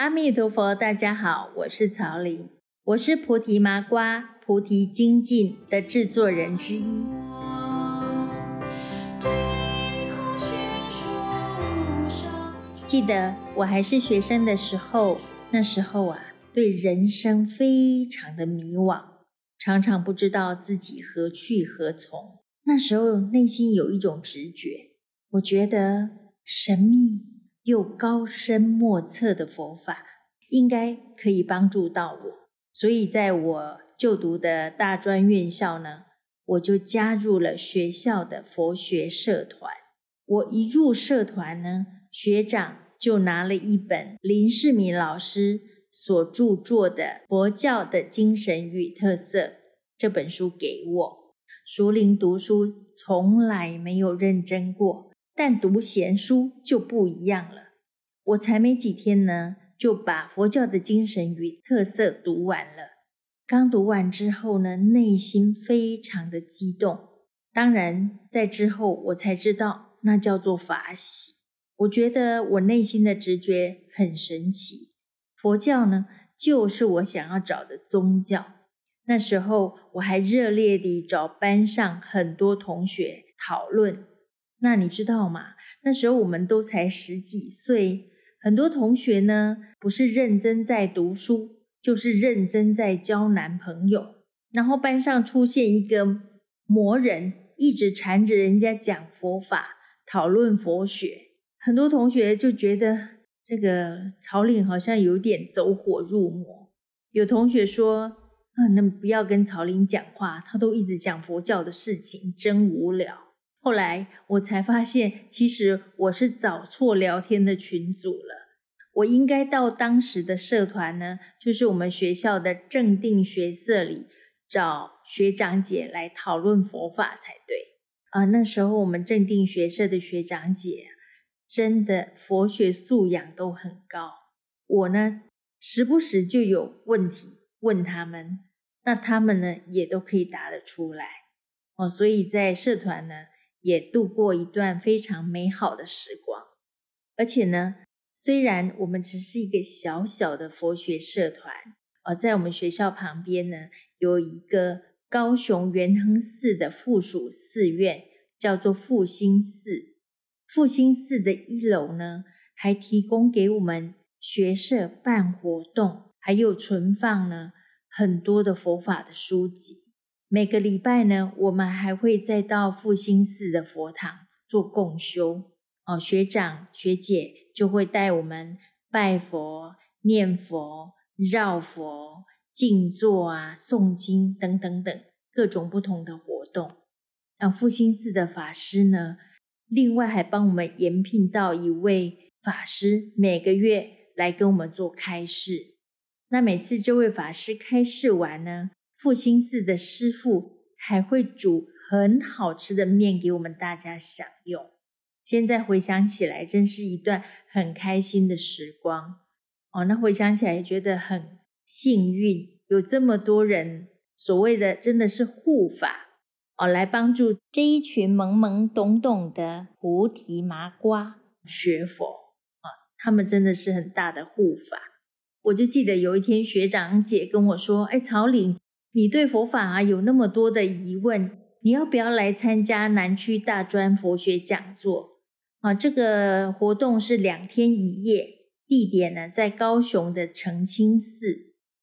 阿彌陀佛，大家好，我是曹玲，我是《菩提麻瓜菩提精進》的製作人之一。我記得我還是學生的時候，那時候啊，對人生非常的迷惘，常常不知道自己何去何從。那時候內心有一種直覺，我覺得神秘，又高深莫測的佛法，應該可以幫助到我，所以在我就讀的大專院校呢，我就加入了學校的佛學社團。我一入社團呢，學長就拿了一本林世敏老師所著作的《佛教的精神與特色》這本書給我。熟齡讀書從來沒有認真過。但讀閒書就不一樣了。我才沒幾天呢，就把佛教的精神與特色讀完了。剛讀完之後呢，內心非常的激動。當然，在之後我才知道，那叫做法喜。我覺得我內心的直覺很神奇。佛教呢，就是我想要找的宗教。那時候我還熱烈地找班上很多同學討論。那你知道嗎？那時候我們都才十幾歲，很多同學呢不是認真在讀書，就是認真在交男朋友。然後班上出現一個魔人，一直纏着人家講佛法、討論佛學，很多同學就覺得這個曹玲好像有點走火入魔。有同學說：“啊、嗯，那不要跟曹玲講話，他都一直講佛教的事情，真無聊。”後來我才發現，其實我是找錯聊天的群組了。我應該到當時的社團呢，就是我們學校的正定學社裡找學長姐來討論佛法才對。啊，那時候我們正定學社的學長姐真的佛學素養都很高。我呢，時不時就有問題問他們，那他們呢也都可以答得出來。哦，所以在社團呢。也度過一段非常美好的時光，而且呢，雖然我們只是一個小小的佛學社團，而在我們學校旁邊呢，有一個高雄元亨寺的附屬寺院，叫做復興寺。復興寺的一樓呢，還提供給我們學社辦活動，還有存放了很多的佛法的書籍。每個禮拜呢，我們還會再到復興寺的佛堂做共修哦。學長學姐就會帶我們拜佛、念佛、繞佛、靜坐啊、誦經等等等各種不同的活動。那、啊、復興寺的法師呢，另外還幫我們延聘到一位法師，每個月來跟我們做開示。那每次這位法師開示完呢，復興寺的師傅還會煮很好吃的麵給我們大家享用。現在回想起來，真是一段很開心的時光哦。那回想起來覺得很幸運，有這麼多人所謂的真的是護法哦，來幫助這一群懵懵懂懂的菩提麻瓜學佛啊。他們真的是很大的護法。我就記得有一天學長姐跟我說：“哎，曹玲。”你對佛法啊有那麼多的疑問，你要不要來參加南區大專佛學講座啊？這個活動是兩天一夜，地點呢在高雄的澄清寺，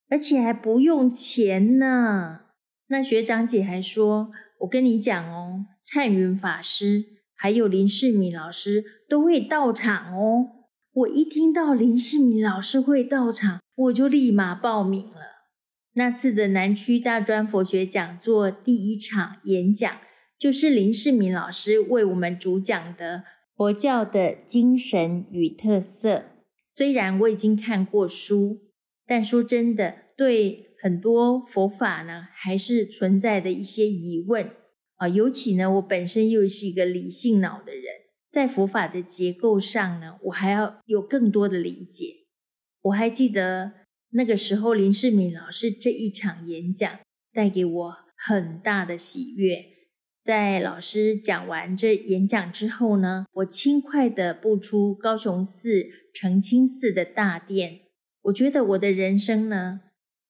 而且還不用錢呢。那學長姐還說，我跟你講哦，蔡云法師還有林世敏老師都會到場哦。我一聽到林世敏老師會到場，我就立馬報名。那次的南區大專佛學講座第一場演講，就是林世敏老師為我們主講的《佛教的精神與特色》。雖然我已經看過書，但說真的，對很多佛法呢，還是存在的一些疑問啊。尤其呢，我本身又是一個理性腦的人，在佛法的結構上呢，我還要有更多的理解。我還記得。那個時候，林世敏老師這一場演講帶給我很大的喜悅。在老師講完這演講之後呢，我輕快地步出高雄寺、澄清寺的大殿。我覺得我的人生呢，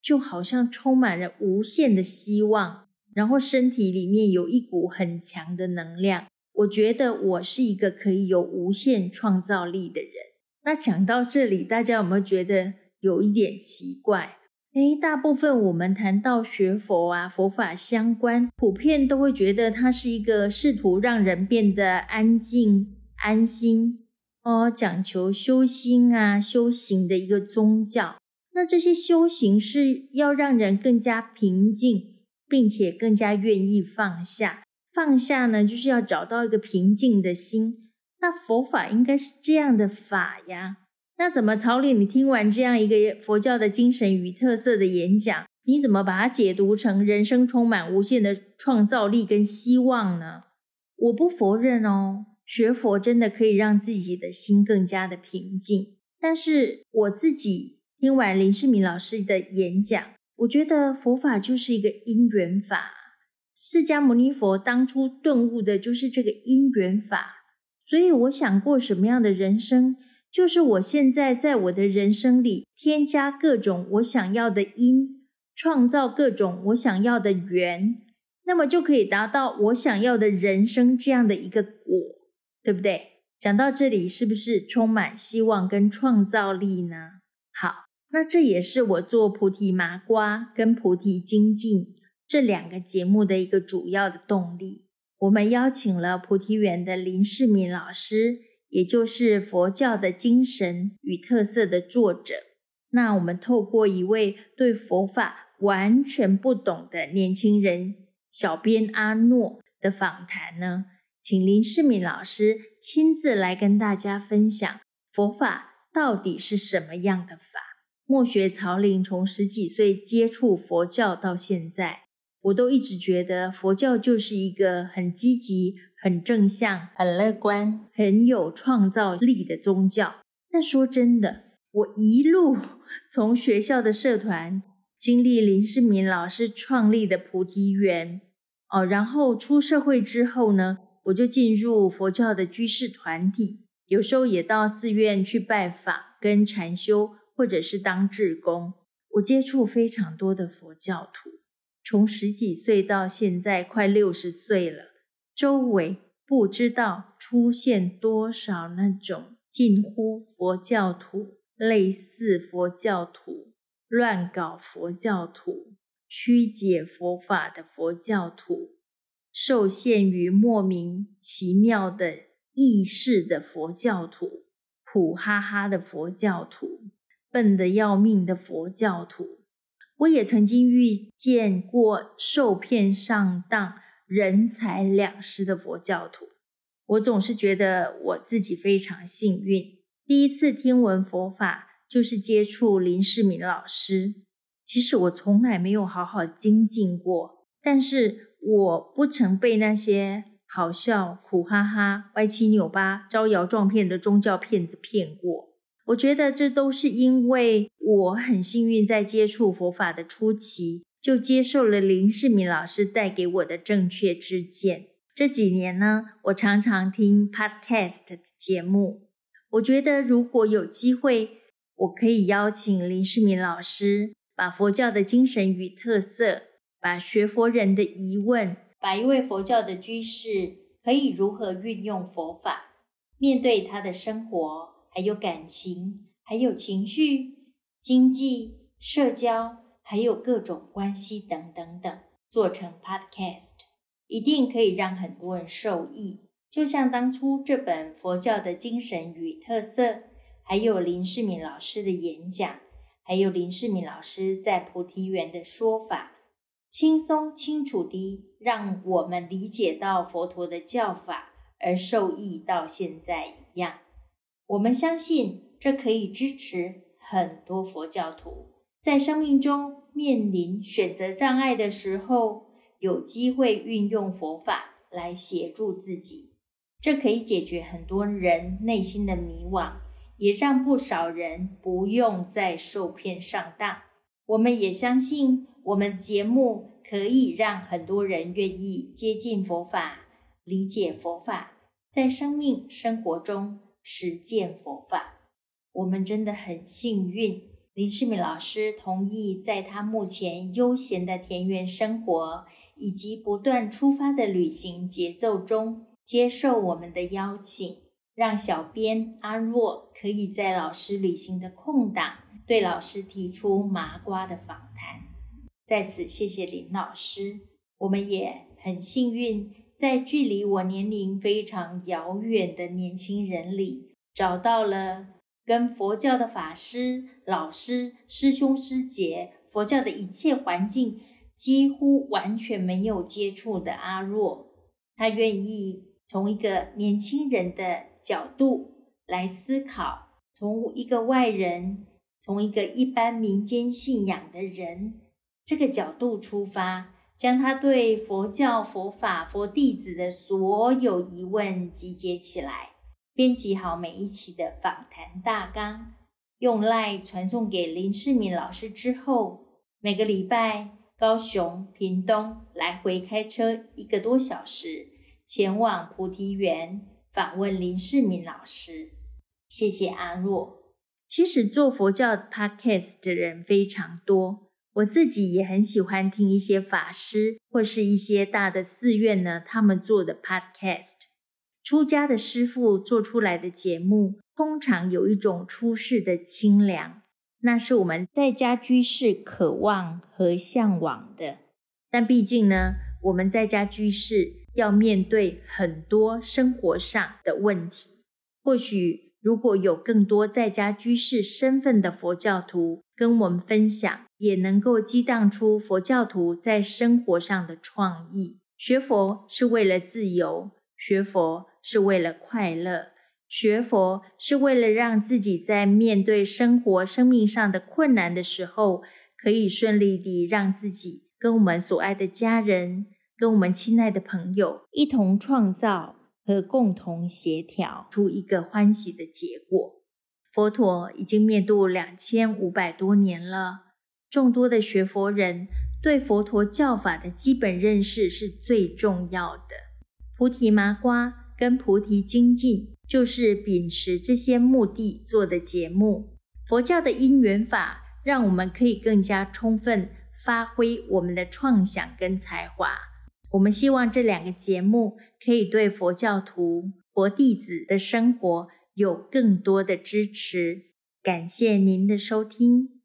就好像充滿了無限的希望，然後身體裡面有一股很強的能量。我覺得我是一個可以有無限創造力的人。那講到這裡，大家有沒有覺得？有一點奇怪，誒，大部分我們談到學佛啊、佛法相關，普遍都會覺得它是一個試圖讓人變得安靜、安心，哦，講求修心啊、修行的一個宗教。那這些修行是要讓人更加平靜，並且更加願意放下。放下呢，就是要找到一個平靜的心。那佛法應該是這樣的法呀。那怎麼曹玲？你聽完這樣一個佛教的精神與特色的演講，你怎麼把它解讀成人生充滿無限的創造力跟希望呢？我不否認哦，學佛真的可以讓自己的心更加的平靜。但是我自己聽完林世敏老師的演講，我覺得佛法就是一個因緣法。釋迦牟尼佛當初頓悟的就是這個因緣法，所以我想過什麼樣的人生。就是我現在在我的人生裡添加各種我想要的因，創造各種我想要的緣，那麼就可以達到我想要的人生這樣的一個果，對不對？講到這裡，是不是充滿希望跟創造力呢？好，那這也是我做菩提麻瓜跟菩提精進這兩個節目的一個主要的動力。我們邀請了菩提園的林世敏老師。也就是佛教的精神與特色的作者，那我們透過一位對佛法完全不懂的年輕人——小編阿若的訪談呢，請林世敏老師親自來跟大家分享佛法到底是什麼樣的法。末學曹玲從十幾歲接觸佛教到現在，我都一直覺得佛教就是一個很積極、很正向、很樂觀、很有創造力的宗教。那說真的，我一路從學校的社團，經歷林世敏老師創立的菩提園哦，然後出社會之後呢，我就進入佛教的居士團體，有時候也到寺院去拜訪跟禪修，或者是當志工。我接觸非常多的佛教徒，從十幾歲到現在快六十歲了。周圍不知道出現多少那種近乎佛教徒，類似佛教徒，亂搞佛教徒，曲解佛法的佛教徒，受限於莫名其妙的意識的佛教徒，苦哈哈的佛教徒，笨得要命的佛教徒。我也曾經遇見過受騙上當人財兩失的佛教徒，我總是覺得我自己非常幸運。第一次聽聞佛法就是接觸林世敏老師。其實我從來沒有好好精進過，但是我不曾被那些好笑、苦哈哈、歪七扭八、招搖撞騙的宗教騙子騙過。我覺得這都是因為我很幸運在接觸佛法的初期。就接受了林世敏老師帶給我的正確知見。這幾年呢，我常常聽 podcast 的節目。我覺得如果有機會，我可以邀請林世敏老師，把佛教的精神與特色，把學佛人的疑問，把一位佛教的居士可以如何運用佛法，面對他的生活，還有感情，還有情緒、經濟、社交。還有各種關係等等等，做成 podcast，一定可以讓很多人受益。就像當初這本《佛教的精神與特色》，還有林世敏老師的演講，還有林世敏老師在菩提園的說法，輕鬆清楚地讓我們理解到佛陀的教法，而受益到現在一樣。我們相信，這可以支持很多佛教徒。在生命中面臨選擇障礙的時候，有機會運用佛法來協助自己，這可以解決很多人內心的迷惘，也讓不少人不用再受騙上當。我們也相信，我們節目可以讓很多人願意接近佛法、理解佛法，在生命生活中實踐佛法。我們真的很幸運。林世敏老師同意在他目前悠閒的田園生活以及不斷出發的旅行節奏中接受我們的邀請，讓小編阿若可以在老師旅行的空檔對老師提出麻瓜的訪談。在此，謝謝林老師，我們也很幸運在距離我年齡非常遙遠的年輕人裡找到了。跟佛教的法師、老師、師兄、師姐，佛教的一切環境幾乎完全沒有接觸的阿若，他願意從一個年輕人的角度來思考，從一個外人，從一個一般民間信仰的人，這個角度出發，將他對佛教、佛法、佛弟子的所有疑問集結起來。編輯好每一期的訪談大綱，用 LINE 傳送給林世敏老師之後，每個禮拜高雄、屏東來回開車一個多小時，前往菩提園訪問林世敏老師。謝謝阿若。其實做佛教 podcast 的人非常多，我自己也很喜歡聽一些法師或是一些大的寺院呢，他們做的 podcast。出家的師父做出來的節目，通常有一種出世的清涼，那是我們在家居士渴望和向往的。但畢竟呢，我們在家居士要面對很多生活上的問題。或許如果有更多在家居士身份的佛教徒跟我們分享，也能夠激盪出佛教徒在生活上的創意。學佛是為了自由。學佛是為了快樂，學佛是為了讓自己在面對生活、生命上的困難的時候，可以順利地讓自己跟我們所愛的家人、跟我們親愛的朋友一同創造和共同協調出一個歡喜的結果。佛陀已經滅度兩千五百多年了，眾多的學佛人對佛陀教法的基本認識是最重要的。菩提麻瓜跟菩提精進就是秉持這些目的做的節目。佛教的因緣法讓我們可以更加充分發揮我們的創想跟才華。我們希望這兩個節目可以對佛教徒、佛弟子的生活有更多的支持。感謝您的收聽。